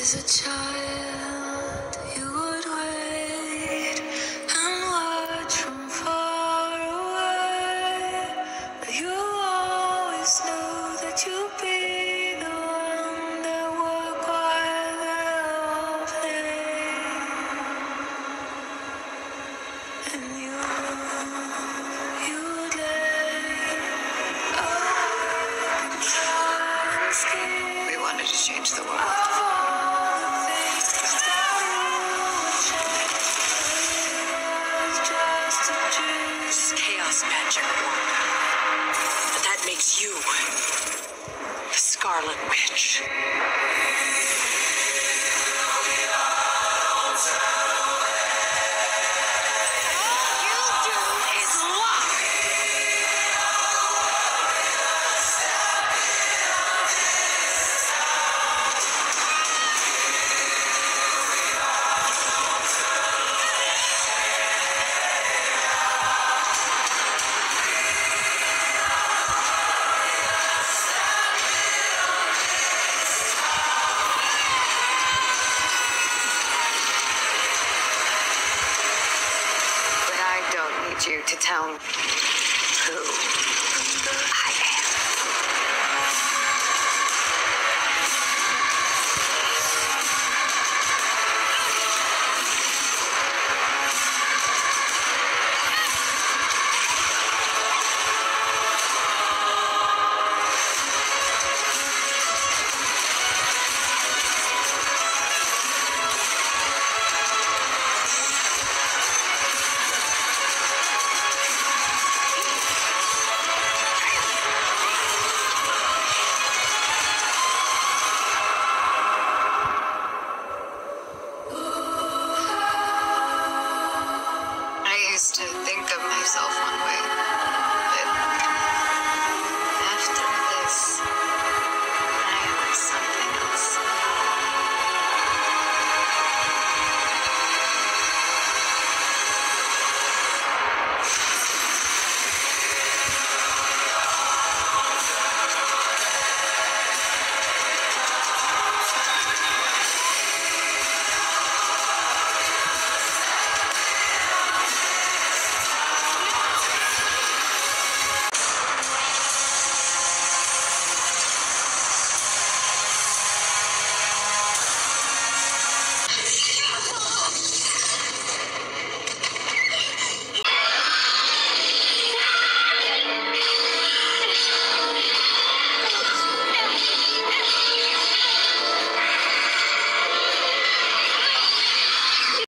as a child. magic But that makes you the Scarlet Witch. you to town. yourself one way.